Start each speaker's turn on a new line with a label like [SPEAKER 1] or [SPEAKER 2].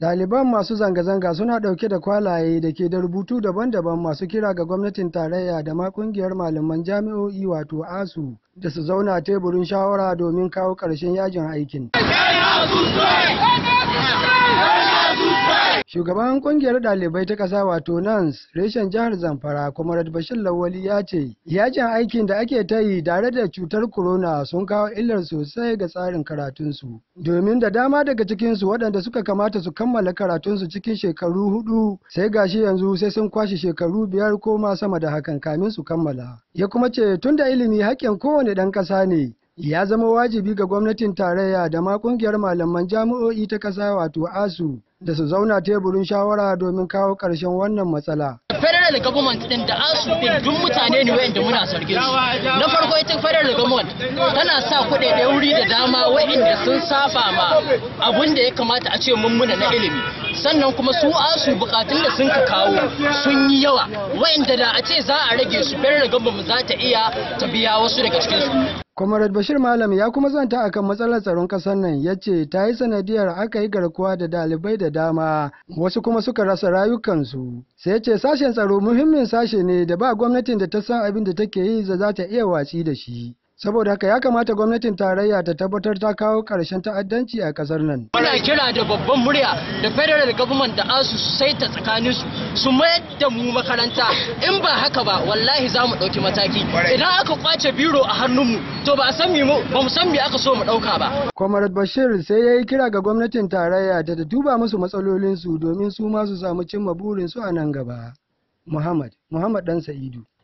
[SPEAKER 1] Daliban masu zanga-zanga suna ɗauke da kwalaye da ke da rubutu daban-daban masu kira ga gwamnatin tarayya da ma ƙungiyar malaman jami'o'i wato asu da su zauna teburin shawara domin kawo ƙarshen yajin aikin. shugaban kungiyar dalibai ta kasa wato nans reshen jihar zamfara comrade bashir lawali ya ce yajin aikin da ake ta yi tare da cutar corona sun kawo illar sosai ga tsarin karatunsu domin da dama daga cikinsu waɗanda suka kamata su kammala karatunsu cikin shekaru hudu sai gashi yanzu sai sun kwashe shekaru biyar ko ma sama da hakan kamin su kammala ya kuma ce tun da ilimi hakkin kowane ɗan ƙasa ne ya zama wajibi ga gwamnatin tarayya da ma kungiyar malaman jami'o'i ta kasa wato asu da su zauna teburin shawara domin kawo karshen wannan matsala.
[SPEAKER 2] federal government din da asu din duk mutane ne wayanda muna zargin su na farko ita federal government tana sa da wuri da dama wayanda sun saba ma abun da ya kamata a ce mun muna na ilimi sannan kuma su asu bukatun da sun ka kawo sun yi yawa wayanda da a ce za a rage su federal government za ta iya ta biya wasu daga cikin su
[SPEAKER 1] Comrade Bashir Malam ya kuma zanta akan matsalar tsaron ƙasar nan ya ce ta yi sanadiyar aka yi garkuwa da dalibai da dama wasu kuma suka rasa rayukansu. Sai ya ce sashen tsaro muhimmin sashe ne da ba gwamnatin da ta san abin da take yi za ta iya watsi da shi. saboda haka ya kamata gwamnatin tarayya ta tabbatar ta kawo karshen ta'addanci a ƙasar nan.
[SPEAKER 2] Muna kira da babban murya da federal government da asu su ta tsakanin su su mayar da mu makaranta in ba haka ba wallahi za mu ɗauki mataki idan aka kwace biro a hannunmu to ba san mu ba mu san me aka so mu ɗauka ba.
[SPEAKER 1] Comrade Bashir sai ya yi kira ga gwamnatin tarayya da ta duba musu matsalolinsu domin su ma su samu cimma burinsu a nan gaba. Muhammad Muhammad Dan Sa'idu.